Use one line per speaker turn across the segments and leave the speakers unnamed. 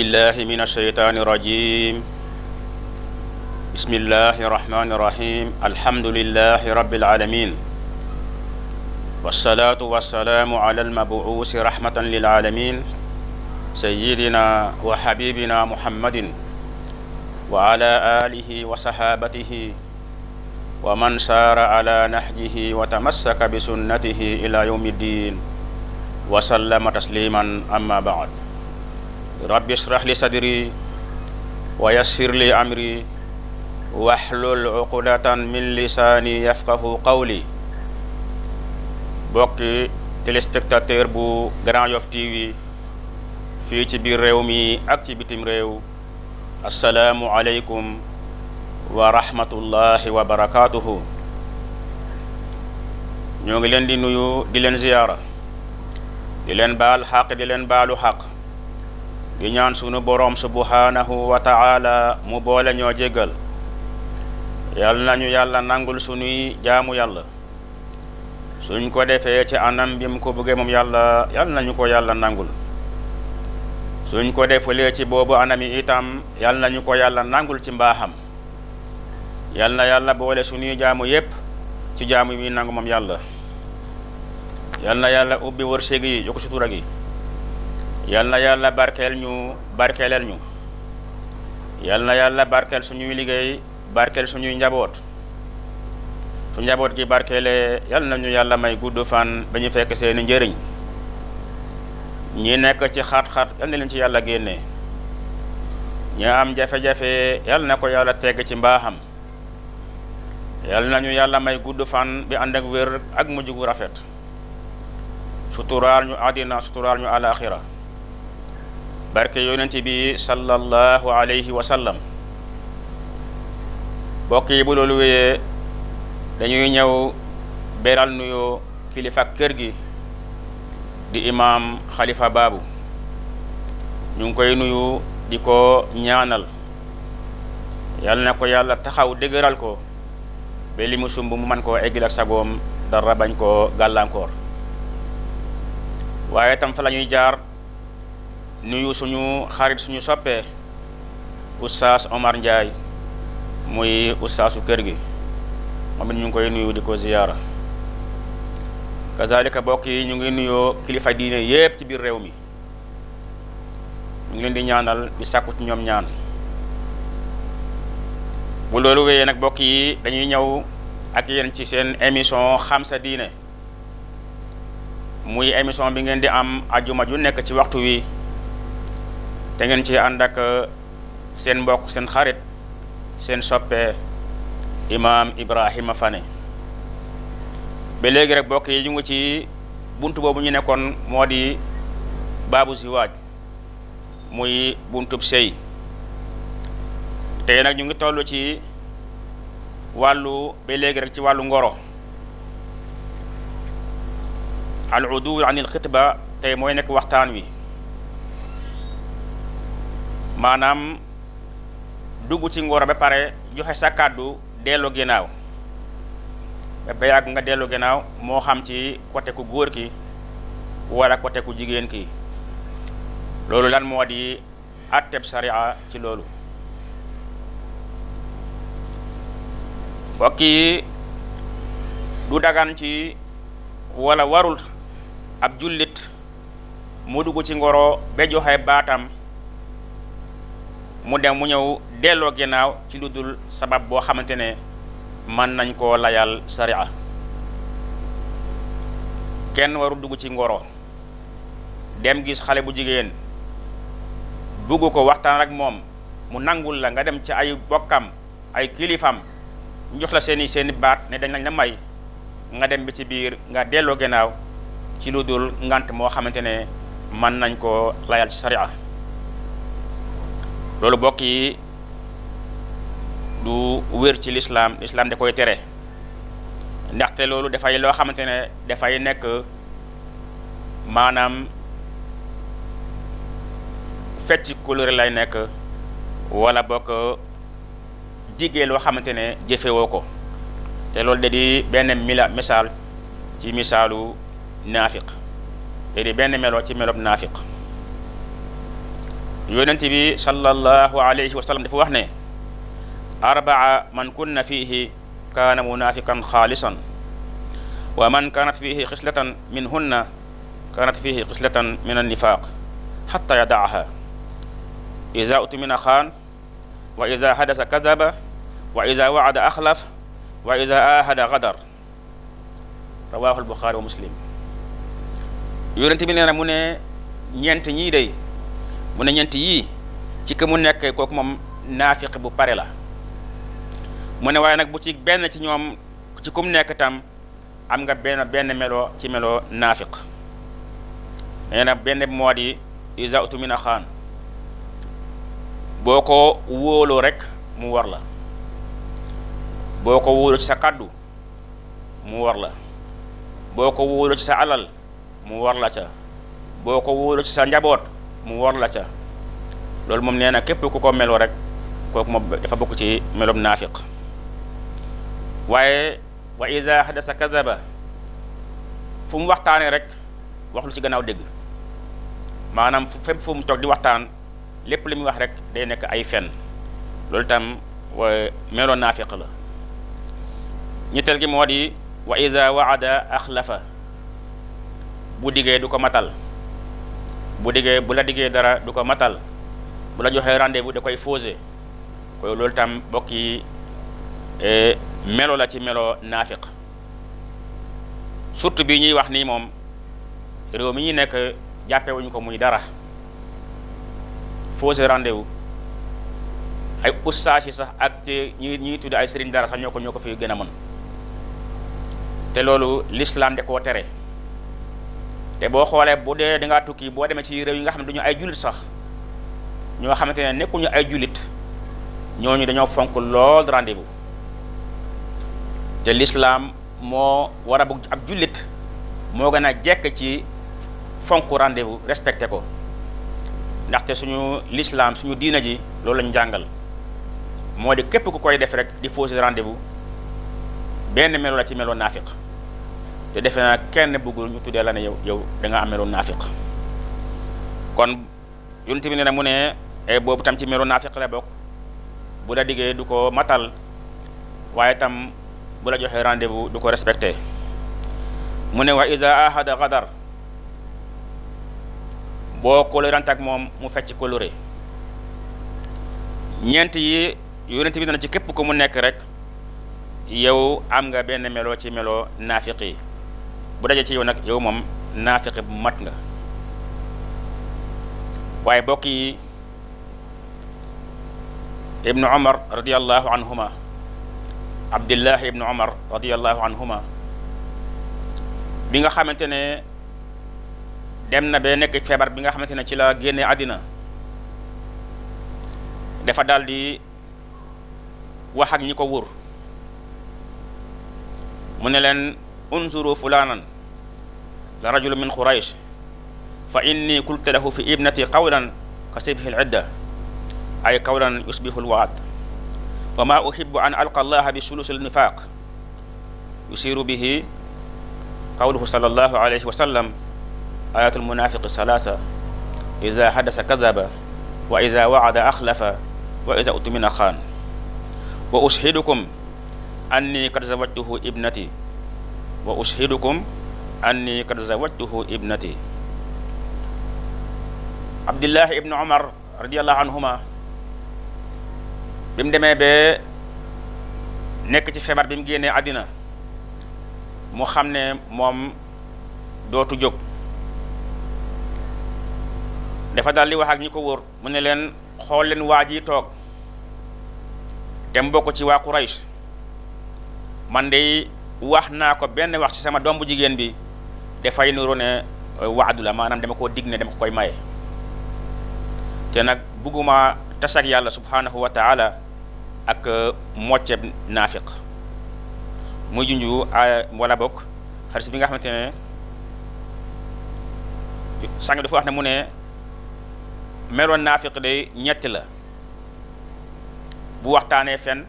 بالله من الشيطان الرجيم بسم الله الرحمن الرحيم الحمد لله رب العالمين والصلاة والسلام على المبعوث رحمة للعالمين سيدنا وحبيبنا محمد وعلى آله وصحابته ومن سار على نهجه وتمسك بسنته إلى يوم الدين وسلم تسليما أما بعد rabbi israh li sadri wa yassir li amri wahlul uqdatan min lisaani yafqahu qawli bokki téléspectateur bu Grand Yoff TV fii ci biir réew mi ak ci bitim réew assalaamu aleykum wa rahmatullahi wa barakaatuhu ñoo ngi leen di nuyu di leen ziyaara di leen baal xaq di leen baalu xaq di ñaan sunu boroom subhaanahu wa ta'ala mu boole ñoo jéggal yal ñu yàlla nangul sunuy jaamu yàlla suñ ko defee ci anam bi mu ko bëggee moom yàlla yal nañu ko yàlla nangul suñ ko defulee ci boobu anam yi itam yal nañu ko yàlla nangul ci mbaaxam yal na yàlla boole sunuy jaamu yépp ci jaamu yi nangu moom yàlla yal na yàlla ubbi wërsëg yi yokk sutura gi yal na yàlla barkeel ñu barkeeleel ñu yal na yàlla barkeel suñuy liggéey barkeel suñuy njaboot su njaboot gi barkeelee yal na ñu yàlla may gudd fan ba ñu fekk seeni njëriñ ñi nekk ci xat-xat yal na leen ci yàlla génnee ñi am jafe-jafe yal na ko yàlla teg ci mbaaxam yal na ñu yàlla may gudd fan bi ànd ak wér ak mujj gu rafet suturaal ñu àddina suturaal ñu àlaaxira barke yonent bi sallallahu alayhi wa sallam mbokk yi bu loolu wéyee dañuy ñëw beral nuyoo kilifa kër gi di imaam xalifa baabu ñu ngi koy nuyu di ko ñaanal yal na ko yàlla taxaw dëgëral ko ba li mu mu mën koo eggil ak sagoom dara bañ koo gàllankoor waaye tam fa la jaar nuyu suñu xarit suñu soppee oustaz Omar Ndiaye muy oustaasu kër gi moom it ñu ngi koy nuyu di ko ziyaara kazalika bokk yi ñu ngi nuyoo kilifa diine yépp ci biir réew mi ñu ngi di ñaanal di sàkku ñoom ñaan bu loolu wéyee nag bokk yi dañuy ñëw ak yéen ci seen émission xam diine muy émission bi ngeen di am ajuma ju nekk ci waxtu wi te ngeen ci ànd ak euh, seen mbokk seen xarit seen soppe imaam Ibrahima Fane ba léegi rek mbokk yi ñu ngi ci buntu boobu ñu nekkoon moo di baabu ziwaaj muy buntub sëy tey nag ñu ngi toll ci wàllu ba léegi rek ci wàllu ngoro al udul anil xitba tey mooy nekk waxtaan wi maanaam dugg ci ngóor ba pare joxe sa kàddu dellu ginnaaw ba yàgg nga dellu ginnaaw moo xam ci côté ku góor ki wala côté ku jigéen ki loolu lan moo di atteb sariya ci loolu mbokk yi du dagan ci wala warul ab jullit moo dugg ci ngoro ba joxe baatam mu dem mu ñew delo ginaaw ci luddul sabab bo xamantene man nañ koo layal sharia kenn waru dugg ci ngoro dem gis xale bu jigeen ko waxtaan rek mom mu nangul la nga dem ci ay bokkam ay kilifam ñu jox la seeni seeni baat ne dañ lañ la may nga dem bi ci biir nga delo ginaaw ci luddul ngant mo xamantene man nañ koo layal ci sharia loolu bokk yi du wér ci lislaam lislaam da koy tere ndaxte loolu dafay loo xamante ne dafay nekk maanaam fecc couleur lay nekk wala bokk diggee loo xamante ne jëfewoo ko te loolu da di benn mila misaal ci missaalu naafiq da di benn meloo ci melob naafiq يونتي بي صلى الله عليه وسلم دفو واخني اربعه من كنا فيه كان منافقا خالصا ومن كانت فيه خصله منهن كانت فيه خصله من النفاق حتى يدعها اذا اؤتمن خان واذا حدث كذب واذا وعد اخلف واذا آهد غدر رواه البخاري ومسلم يونتي بي نانا مو ني نيانت ني mu ne ñeent yii ci que mu nekk kooku moom naafiq bu pare la mu ne waaye nag bu ci benn ci ñoom ci kum nekk tam am nga benn benn meloo ci melo naafiq nee na benn moo di isa utu xaan boo ko wóoloo rek mu war la boo ko wóoloo ci sa kàddu mu war la boo ko wóoloo ci sa alal mu war la ca boo ko wóoloo ci sa njaboot mu wor la ca loolu moom nee na képp ku ko meloo rek kooku moom dafa bokk ci meloom naafiq waaye wa iza hadasa kazaba fu mu waxtaanee rek wax lu ci gannaaw dégg maanaam fu fépp fu mu toog di waxtaan lépp li muy wax rek day nekk ay fen loolu itam meloon naafiq la ñetteel gi moo di wa wa ad axlafa bu diggee du ko matal bu diggee bu la diggee dara du ko matal bu la joxee rendez-vous da koy fausser koy loolu tam bokk yi eh, melo la ci melo naafiq surtout bi ñuy wax nii moom réew mi ñu nekk jàppewuñ ko muy dara fausser rendez wu ay ustaas yi sax ak te ñi ñuy tudd ay sëriñ dara sax ñoo ko ñoo ko fi gën a mën te loolu l'islam da koo tere te boo xoolee bu dee da tukki boo demee ci réew yi nga xam ne duñu ay jullit sax ñoo xamante ne nekkuñu ay jullit ñooñu dañoo fonk lool rendez-vous te lislaam moo war a bëgg ab jullit moo gën a jekk ci fonk rendez-vous respecté ko ndaxte suñu l'islam suñu diina ji loolu lañu jàngal moo de képp ku koy def rek di fausser rendez-vous benn melo la ci melo naafiq te defe naa kenn bëggul ñu tuddee la ne yow yow da nga am meru naafiq kon yonent bi ne na mu ne eh, boobu tam ci meru naafiq la bokk bu la diggee du ko matal waaye tam bu la joxee rendez-vous du ko respecté mu wa iza ahada gadar boo colorant ak moom mu fecc coloré ñeent yi yonent bi dana ci képp ko mu nekk rek yow am nga benn melo ci melo naafiq bu dajee ci yow nak yow mom nafiq bu mat nga waye bokk yi ibnu omar radiallahu anhuma abdullah ibn umar radiyallahu anhuma bi nga xamantene dem na be nek febar bi nga xamantene ci la génne adina dafa daldi wax ak ñiko ko mu ne leen unzuru fulanan لرجل من قريش فإني قلت له في ابنتي قولا كسبه العدة أي قولا يشبه الوعد وما أحب أن ألقى الله بسلوس النفاق يسير به قوله صلى الله عليه وسلم آيات المنافق الثلاثة إذا حدث كذب وإذا وعد أخلف وإذا أؤتمن خان وأشهدكم أني قد زوجته ابنتي وأشهدكم أني قد زوجته ابنتي عبد الله ابن عمر رضي الله عنهما بيم ديمي بي نيك تي فيبر بيم غيني ادينا مو خامني موم دوتو جوك دا فا دال لي واخ نيكو وور مون لين خول لين واجي توك ديم بوكو سي وا قريش man day wax naa ko benn wax ci sama domb jigéen bi dafay nuru ne euh, la maanaam dama koo dig ne dama ko koy maye te nag bugguma tas yàlla subhaanahu wa taala ak euh, mocceb naafiq muy junju euh, wala bokk xaris bi nga xamante ne sàngi dafa wax ne mu ne meloon naafiq day ñetti la bu waxtaanee fen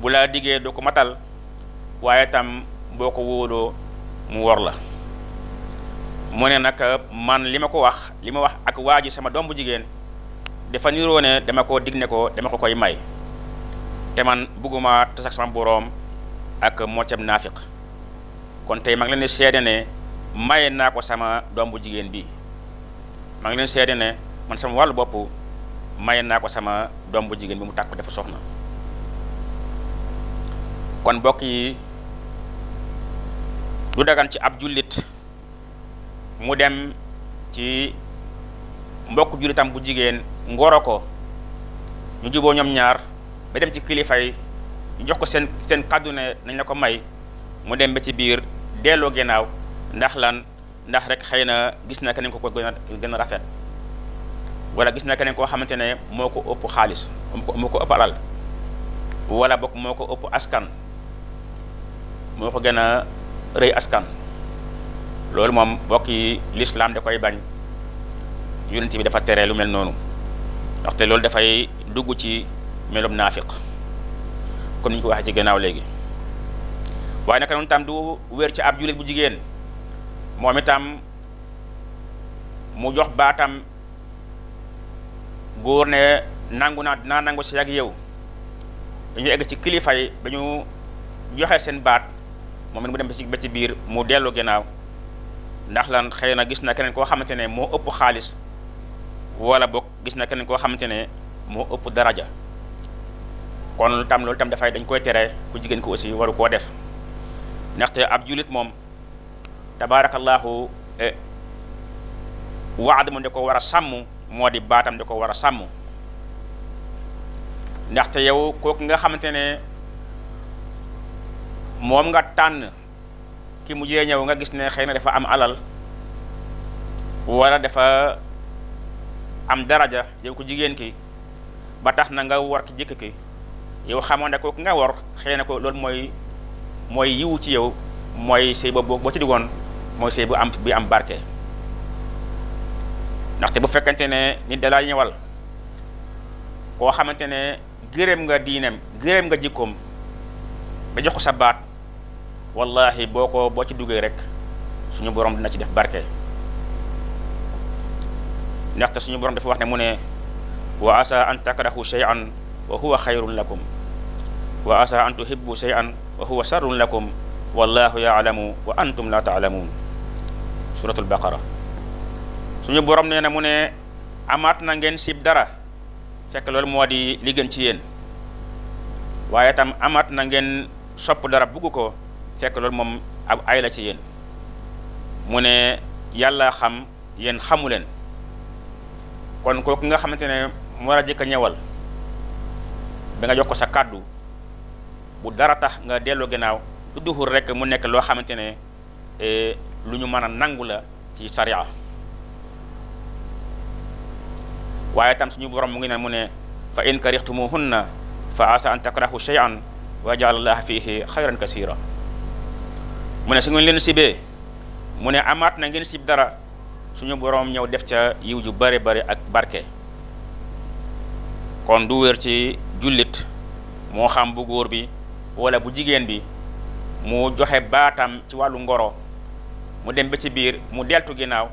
bu la diggee doo ko matal waaye tam boo ko wóoloo mu wor la mu ne nak man lima ko wax lima wax ak waji sama dombu jigen defa ni roone dama ko digne ko dama ko koy may te man buguma tassak sama borom ak moccam nafiq kon tay mag ngi sama dombu jigen bi mag ngi leen ne man sama walu bop maye naa ko sama dombu jigen bi mu tàkk defa soxna kon bokki du dagan ci ab jullit mu dem ci mbokk jullitam bu jigéen ngoro ko ñu juboo ñoom ñaar ba dem ci kilifa yi ñu jox ko seen seen kàddu ne nañ la ko may mu dem ba ci biir delloo ginnaaw ndax lan ndax rek xëy na gis na keneen ko ko gën a gën a rafet wala gis na keneen koo xamante ne moo ko ëpp xaalis moo ko ëpp alal wala bokk moo ko ëpp askan moo ko gën rëy askan loolu moom bokk yi lislaam da koy bañ yonent bi dafa teree lu mel noonu ndaxte loolu dafay dugg ci melum naafiq comme ni ñu ko waxee ci gannaaw léegi waaye naka noonu tam du wér ci ab jullit bu jigéen moom itam mu jox baatam góor ne nangu naa dinaa nangu si ak yow dañu egg ci kilifa yi dañu joxe seen baat moom mu dem ci ci bir mu dellu ginnaaw ndax lan xeyna gis na keneen ko xamantene mo upp ëpp wala bok gis na keneen ko xamantene mo upp daraja kon tam lol tam da fay dañ koy tere ku jigen ko aussi waru ko def ndax te ab julit mom tabarakallahu waadama waad mo war wara sàmm modi batam baatam wara ko ndax te yow kooku nga xamantene mom nga tan ki mu jé ñëw nga gis ne xeyna dafa am alal wala dafa am daraja yow ko jigen ki ba tax na nga war ki jikki ki yow xamone ko nga war xeyna ko lool moy moy yiwu ci yow moy sey bo bo ci digon moy sey bu am bi am barke té bu fekkante ne nit da la ñewal ko xamante ne nga diinem gërem nga jikkom ba jox ko sa wallahi boko bo ci duggee rek suñu borom dina ci def barke ta suñu borom dafa wax né mu wa asa an takrahu shay'an wa huwa khayrun lakum wa asa an tuhibbu shay'an wa huwa sharrun lakum wallahu ya'lamu wa antum la ta'lamun suratul baqara suñu borom né na ne amat na ngeen sib dara fekk lol modi li gën ci yeen waye tam amat na ngeen sopp dara bugu ko fekk loolu moom ab ay ci yéen mu ne yàlla xam yéen xamu leen kon kooku nga xamante ne mu war a jëkk a ñëwal ba nga jox ko sa kàddu bu dara tax nga dellu gannaaw tudduhul rek mu nekk loo xamante ne eh, lu ñu mën a nangu la ci sariya waaye tam suñu borom mu ngi ne mu ne fa in karihtumuhunna fa asa an takrahu shay'an wa ja'ala allaha fihi xayran kasira mu ne su ngeen leen sibee mu ne amaat na ngeen sib dara suñu boroom ñëw def ca yiw ju bare bare ak barke kon du wër ci jullit moo xam bu góor bi wala bu jigéen bi mu joxe baatam ci wàllu ngoro mu dem ba ci biir mu deltu ginnaaw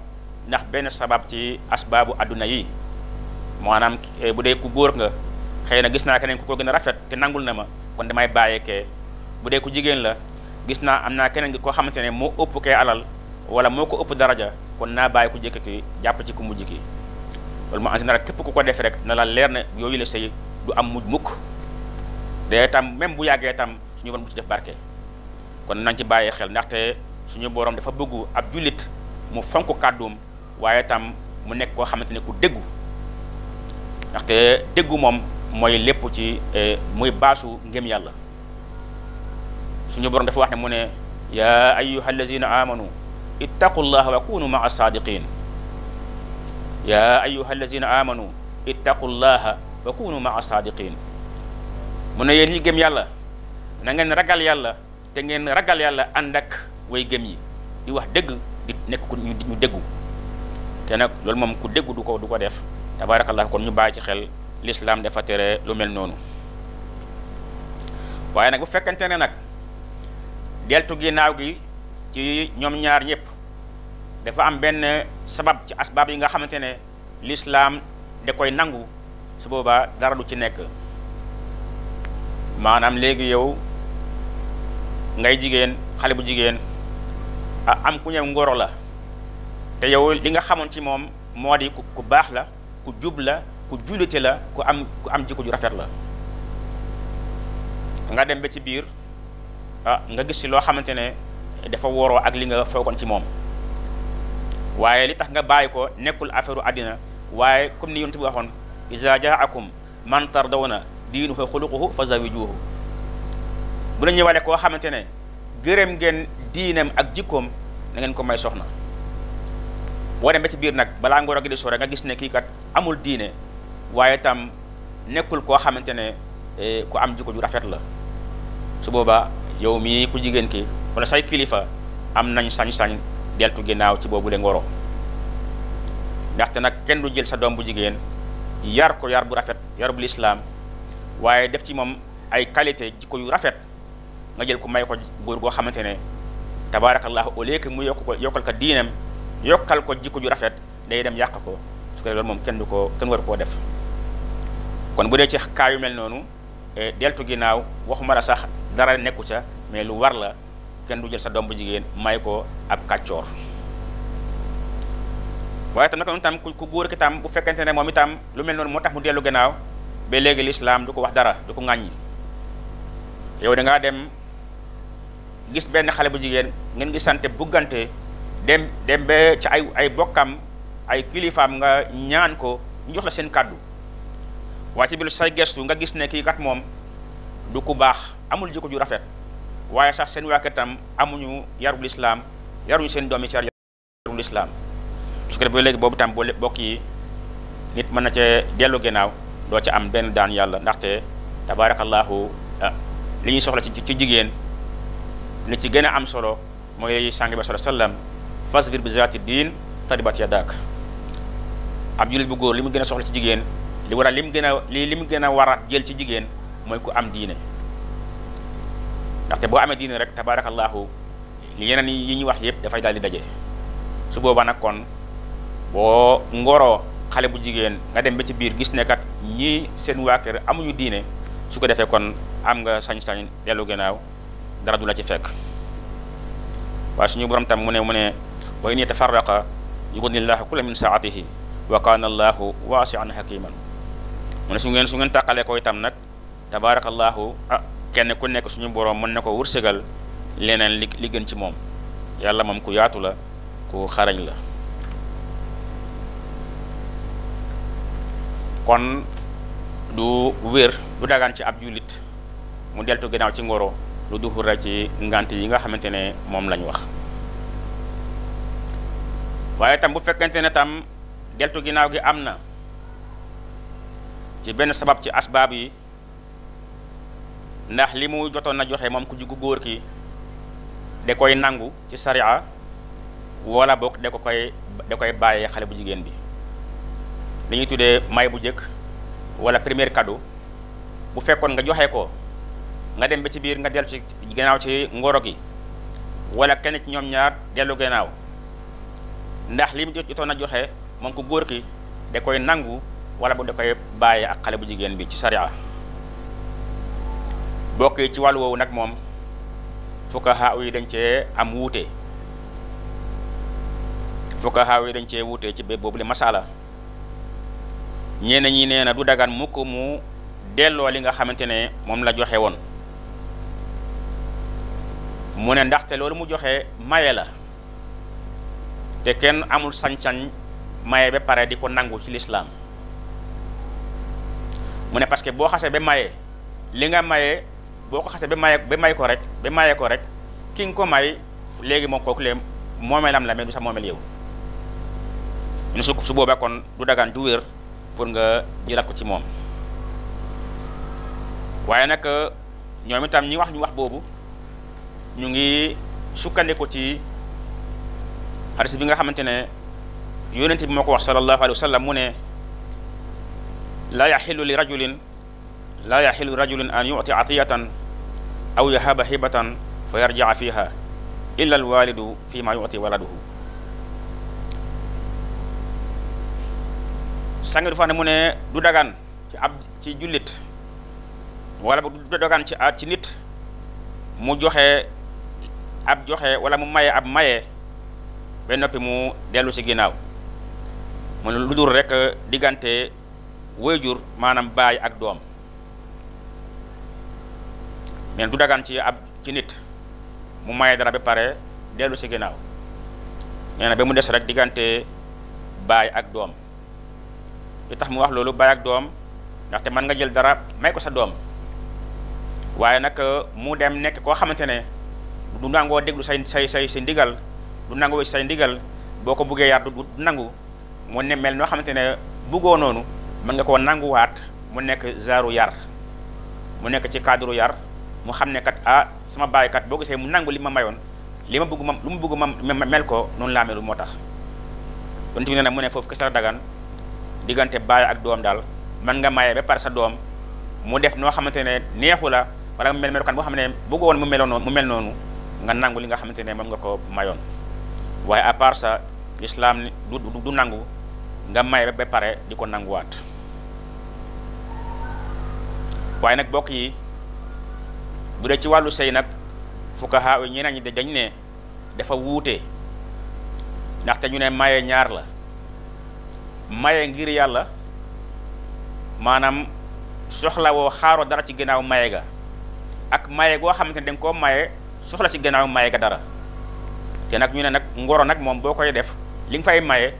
ndax benn sabab ci asbaabu àdduna yi maanaam eh, bu dee ku góor nga xëy na gis naa keneen ku ko gën a rafet te nangul na ma kon damay bàyyeekee bu dee ku jigéen la gis naa am naa keneen koo xamante ne moo ëpp kee alal wala moo ko ëpp daraja kon naa bàyyi ku jëkk ki jàpp ci ku mujj ki loolu mu en général képp ku ko defee rek na la leer na yooyu la sëy du am mujj mukk day itam même bu yàggee itam suñu borom ci def barke kon nañ ci bàyyi xel ndaxte suñu borom dafa bëggu ab jullit mu fonk kàdduum waaye itam mu nekk koo xamante ne ku déggu ndaxte déggu moom mooy lépp ci eh, muy baasu ngëm yàlla suñu borom dafa wax ne mu ne yaa ayuha allazina amanu ittaqullaha wa kunu maa sadiqin yaa ayuha allazina amanu ittaqullaha wa kunu maa sadiqin mu ne yéen yi gëm yàlla na ngeen ragal yàlla te ngeen ragal yàlla ànd ak way gëm yi di wax dëgg di nekk ku ñu ñu déggu te nag loolu moom ku déggu du ko du ko def tabarakallah kon ñu bàyyi ci xel l'islam dafa tere lu mel noonu waaye nag bu fekkante ne nag deltu ginaaw gi ci ñom ñaar ñëpp dafa am ben sabab ci asbab yi nga xamantene l'islam da koy nangu su boba dara du ci nek yau léegi yow ngay jigen xale bu jigen am ku ñew ngoro la te yow li nga xamant ci mom modi di ku bax la ku jub la ku jullite la ku am ku am jikko ju rafet la nga dem be ci bir a ah, nga gis ci loo xamante ne dafa woroo ak li nga foogoon ci moom waaye li tax nga bàyyi ko nekkul affaire àddina waaye comme ni yonent bi waxoon iza jaakum man tardawna diinuhu xuluquhu fa zawijuhu bu la ñëwalee koo xamante ne gërëm ngeen diineem ak jikkoom na ngeen ko may soxna boo dem ba ci biir nag balaa ngoor ak di sore nga gis ne kii kat amul diine waaye tam nekkul koo xamante ne eh, ku am jikko ju rafet la su yow mii ku jigéen ki wala say kilifa am nañ sañ-sañ deltu ginnaaw ci boobu le ngoro ndaxte nag kenn du jël sa doom bu jigéen yar ko yar bu rafet yar bu lislaam waaye def ci moom ay qualité jikko yu rafet nga jël ko may ko góor goo xamante ne tabaarakallahu au lieu que mu yokk ko yokkal ko diinam yokkal ko jikko ju rafet day dem yàq ko su ko loolu moom kenn du ko kenn war koo def kon bu dee ci kaa yu mel noonu Eh, deltu ginaaw waxuma la sax dara nekku ca mais lu war la kenn du jël sa dombu bu jigéen may ko ab kàccoor waaye tam naka noonu tam ku góor ki tam bu fekkente ne moom itam lu mel noonu moo tax mu dellu ginaaw ba léegi lislaam du ko wax dara du ko ŋàññi yow da ngaa dem gis benn xale bu jigéen ngeen gi sante buggante dem dem ba ci ay ay bokkam ay kilifaam nga ñaan ko ñu jox la seen kàddu waaye ci biir say gestu nga gis ne kii kat moom du ku baax amul jikko ju rafet waaye sax seen waa tam amuñu yarul islaam yaruñu seen doom yi ci yarul islaam su ko defee léegi boobu tam boo bokk yi nit mën na cee dellu ginnaaw doo ci am benn daan yàlla ndaxte tabaarakallaahu ah, li ñuy soxla ci ci jigéen li ci gën a am solo mooy sang bi sallallahu fas wasallam fasbir bi zaati diin taribat yadak ab jullit bu góor li mu gën a soxla ci jigéen li war a gën a li mu gën a war jël ci jigéen mooy ku am diine ndaxte boo amee diine rek tabaarakallaahu yeneen yi ñuy wax yëpp dafay daal di daje su boobaa nag kon boo ngoro xale bu jigéen nga dem ba ci biir gis ne kat ñii seen waa kër amuñu diine su ko defee kon am nga sañ-sañ dellu gannaaw dara du la ci fekk waaye suñu borom tam mu ne mu ne wa in yatafarraqa yugnillaahu kulla min saatihi wa kaana allaahu waasian hakiman mu ne su ngeen su ngeen tàqalee ko itam nag tabaarakallaahu ah kenn ku nekk suñu boroom mën na ko wërsëgal leneen li li ci moom yàlla moom ku yaatu la ku xarañ la kon du wér du dagaan ci ab jullit mu deltu ginnaaw ci ngoro lu duxul rek ci ngant yi nga xamante ne moom lañ wax waaye tam bu fekkante ne tam deltu ginnaaw gi am na ci benn sabab ci asbaab yi ndax li mu jotoon na joxe moom ku jugu góor ki da koy nangu ci sharia wala bok da ko koy da koy bàyyee xale bu jigéen bi li ñuy tuddee may bu jëkk wala premier cadeau bu fekkoon nga joxe ko nga dem ba ci biir nga dellu ci gannaaw ci ngoro gi wala kenn ci ñoom ñaar dellu gannaaw ndax li mu jotoon na joxe moom ku góor ki da koy nangu wala bu da koy bàyyee ak xale bu jigéen bi ci sharia bokk ci wàllu woowu nag moom fukaha yi dañ cee am wuute fukaha yi dañ cee wuute ci boobu le masala ñenn ñi nee na du dagan mukk mu delloo li nga xamante ne moom la joxe woon mu ne ndaxte loolu mu joxe maye la te kenn amul sañ-sañ maye ba pare di ko nangu ci lislaam mu ne parce que boo xasee ba maye li nga maye boo ko xasee ba maye ba may ko rek ba maye ko rek ki ko may léegi moom kooku lee moomeelam la mais du sa moomeel yow ñu su su boobaa kon du dagan du wér pour nga jëlaat ko ci moom waaye nag ñoom itam ñi wax ñu wax boobu ñu ngi sukkandiku ci hadis bi nga xamante ne yonent bi moo ko wax sallallahu alayhi wa sallam mu ne laa yaxilu li rajulin laa yaxilu rajulin an yuti atiyatan aw yahaba hibatan fa yarjaa fiha illa alwalidu fi ma yuti waladuhu sàngi fa ne mu ne du dagaan ci ab ci jullit wala bu du dagaan ci a ci nit mu joxe ab joxe wala mu maye ab maye ba noppi mu dellu ci ginnaaw mu ne lu dul rek diggante wayjur maanaam baay ak doom neen du dagan ci ab ci nit mu maye dara ba pare dellu si ginnaaw nee na ba mu des rek diggante baay ak doom li tax mu wax loolu baay ak doom ndaxte mën nga jël dara may ko sa doom waaye nag euh, mu dem nekk koo xamante ne du nangoo déglu say say say say ndigal du nangoo say ndigal boo ko buggee yar du nangu mu ne mel noo xamante ne buggoo noonu mën nga koo nanguwaat mu nekk zaaru yar mu nekk ci cadre yar mu xam ne kat ah sama baay kat boo gisee mu nangu li ma mayoon li ma bëgg ma lu mu bëgg ma mel ko noonu laa melul moo tax yonent bi nee na mu ne foofu kese la dagan diggante baay ak doom daal mën nga maye ba pare sa doom mu def noo xamante ne neexu la wala mu mel melokaan boo xam ne bëggoo woon mu meloon mu mel noonu nga nangu li nga xamante ne moom nga ko mayoon waaye à part ça l'islam du du nangu nga maye ba pare di ko nanguwaat waaye nag bokk yi bu dee ci wàllu sey nag fukaha yi ñeneen ñi dañ ne dafa wuute ndaxte ñu ne maye ñaar la maye ngir yàlla maanaam soxla woo xaaroo dara ci gannaaw maye ga ak maye goo xam ne danga koo maye soxla ci gannaaw maye ga dara te nag ñu ne nag ngoro nag moom boo koy def li nga fay maye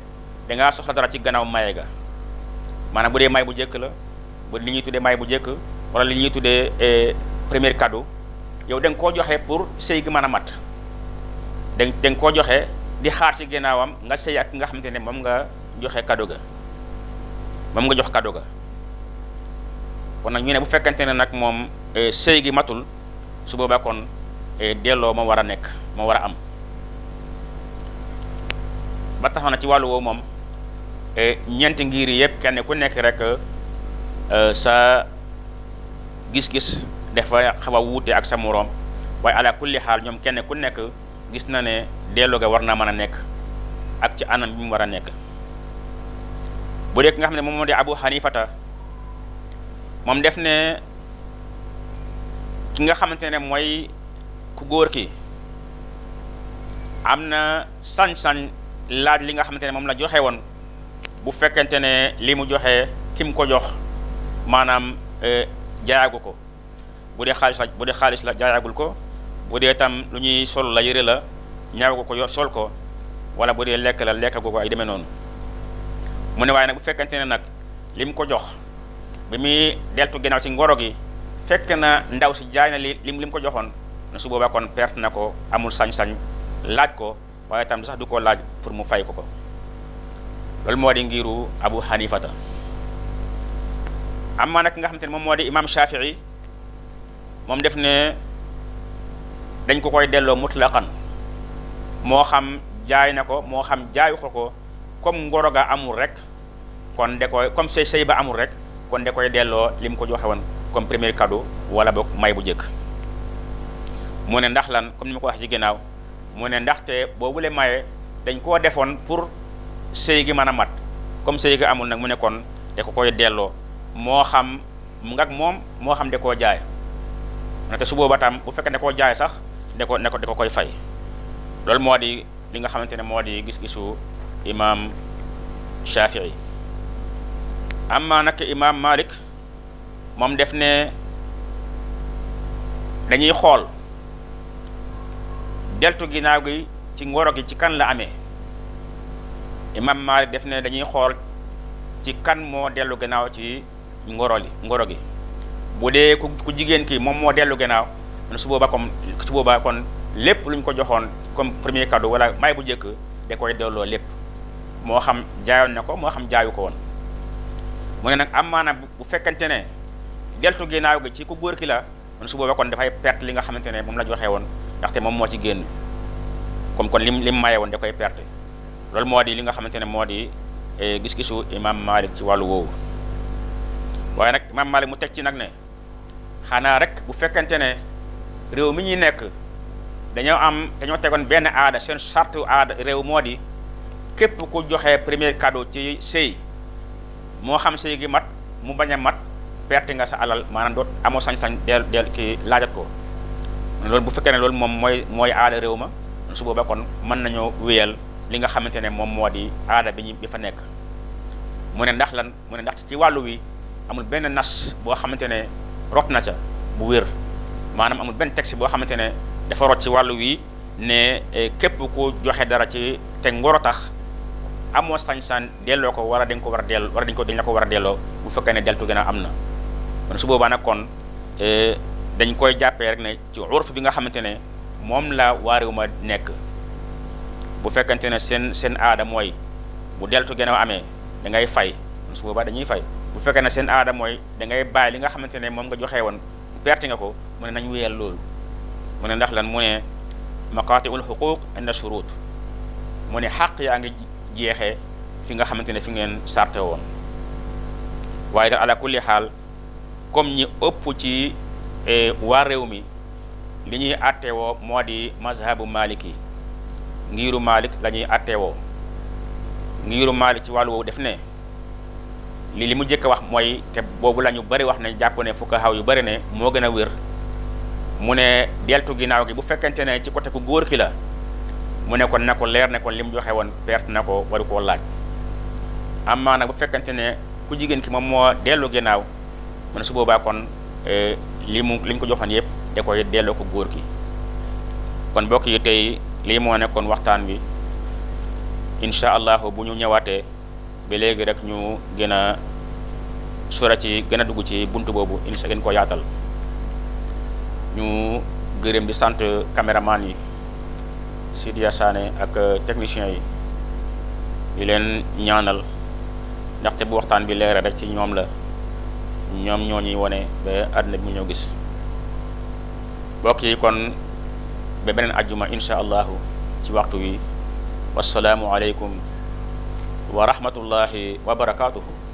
dangaa soxla dara ci gannaaw maye ga maanaam bu dee may bu jëkk la bu li ñuy tuddee may bu jëkk wala li ñuy tuddee eh, premier cadeau yow dang ko joxé pour sey gi mëna mat dang dang ko joxé di xaar ci gënaawam nga sey ak nga ne nga joxé cadeau ga mom nga jox cadeau ga kon nak ñu né bu fekkante ne mom moom eh, gi matul su boba kon eh, delloo ma mo wara nek ma wara am ba tax na ci wo mom moom ñent ngir yépp kenn ku nek rek sa gis-gis dafa xaw wute ak sa moroom waaye ala kulli xaal ñoom kenn ku nekk gis na ne delloo ga war naa mën a nekk ak ci anam bi mu war a nekk bu dee ki nga xam ne moom moo di abu xanifata moom def ne ki nga xamante ne mooy ku góor ki am na sañ-sañ laaj li nga xamante ne moom la joxe woon bu fekkente ne li mu joxe ki ko jox maanaam euh, jaayagu ko bu dee xaalis la bu dee xaalis la jaayagul ko bu dee tam lu ñuy sol la yére la ñaawagu ko yor sol ko wala bu dee lekk la lekkagu ko ay demee noonu mu ne waaye nag bu fekkente ne nag li mu ko jox bi muy deltu ginnaaw ci ngoro gi fekk na ndaw si jaay na li lim ko joxoon na su boobaa kon perte na ko amul sañ-sañ laaj ko waaye tam sax du ko laaj pour mu fay ko ko loolu moo di ngiru Abu Hanifata am na nag nga xamante ne moom moo di imam Shafii moom def ne dañ ko koy delloo mutlaqan moo xam jaay na ko moo xam jaayu ko ko comme ngoro ga amul rek kon de koy comme say say ba amul rek kon de koy delloo li mu ko joxe woon comme premier cadeau wala boog may bu jëkk mu ne ndax lan comme ni ma ko wax ci ginnaaw mu ne ndaxte boobu boobule maye dañ koo defoon pour sëy gi mën a mat comme sëy gi amul nag mu ne kon de ko koy delloo moo xam mu ngak moom moo xam da koo jaay na te su booba tam bu fekkee ne koo jaay sax da ko ne ko koy fay loolu moo di li nga xamante ne moo di gis-gisu imaam Shafii amma nag imaam Malik moom def ne dañuy xool deltu ginnaaw gi ci ngoro gi ci kan la amee imaam Malik def ne dañuy xool ci kan moo dellu ginnaaw ci ngoro li ngoro gi bu dee ku jigéen ki moom moo dellu gannaaw man su boobaa comme su boobaa kon lépp luñ ko joxoon comme premier cadeau wala may bu njëkk da koy delloo lépp moo xam jaayoon na ko moo xam jaayu ko woon mu ne nag am maanaam bu fekkante ne deltu ginnaaw gi ci ku góor ki la su boobaa kon dafay perte li nga xamante ne moom la joxee woon ndaxte moom moo ci génn comme kon lim lim maye woon da koy perte loolu moo di li nga xamante ne moo di eh, gis-gisu imam Malik ci wàllu woowu waye nak mam malik mu tek ci nak ne xana rek bu fekkente ne rew mi ñi nek dañu am dañu tegon ben aada sen charte aada rew modi kep képp ku joxe premier cadeau ci sey mo xam sey gi mat mu baña mat perte nga sa alal manan doot amo sañ-sañ del del ki lajat ko lool bu fekkee lool mom moy moy aada rew ma su boobaa kon man nañu wuyel li nga xamantene ne modi aada bi ñi bi fa nek mu ne ndax lan mu ndax ci walu wi amul benn nas boo xamante ne root na ca bu wér maanaam amul benn texte boo xamante ne dafa rot ci wàllu wi ne e, képp ku joxe dara ci te ngoro tax amoon sañ-sañ delloo ko wala dañ ko war a delloo wala dañ ko dañ ko war a delloo bu fekkee ne deltu gën a am na su boobaa nag kon e, dañ koy jàppee ne ci bi nga xamante ne moom la waarewu nekk bu fekkente ne seen seen aada mooy bu deltu gën amee da ngay fay su boobaa dañuy fay bu fekkee na seen aada mooy da ngay bàyyi li nga xamante ne moom nga joxe woon perte nga ko mu ne nañ wéyal loolu mu ne ndax lan mu ne maqaatiul xuquuq inda shurut mu ne xaq yaa ngi jeexee fi nga xamante ne fi ngeen sarte woon waaye daal ala kulli xaal comme ñi ëpp ci eh, waa réew mi li ñuy attewoo moo di mazhabu malik yi ngiiru malik la attewoo ngiiru malik ci wàllu woowu def ne lii li mu njëkk a wax mooy te boobu la ñu bëri wax ne jàpp ne fukka xaw yu bëri ne moo gën a wér mu ne deltu ginnaaw gi bu fekkente ne ci côté ko góor ki la mu ne kon na ko leer ne kon li mu joxe woon perte na ko waru koo laaj amaa nag bu fekkente ne ku jigéen ki moom moo dellu ginnaaw mu ne su boobaa kon eh, li mu li ko joxoon yëpp da koy delloo ko góor ki kon mbokk yi tey lii moo nekkoon waxtaan wi incha allah bu ñu ñëwaatee. bi léegi rek ñu gën a sura ci gën a dugg ci bunt boobu incha gën ko yaatal ñu gërëm di sant caméraman yi Sidia Sané ak technicien yi di leen ñaanal ndaxte bu waxtaan bi leeral rek ci ñoom la ñoom ñoo ñuy wone ba àdduna bi mu ñëw gis mbokk yi kon ba beneen ajjuma incha allahu ci waxtu wi wasalaamu aleykum ورحمه الله وبركاته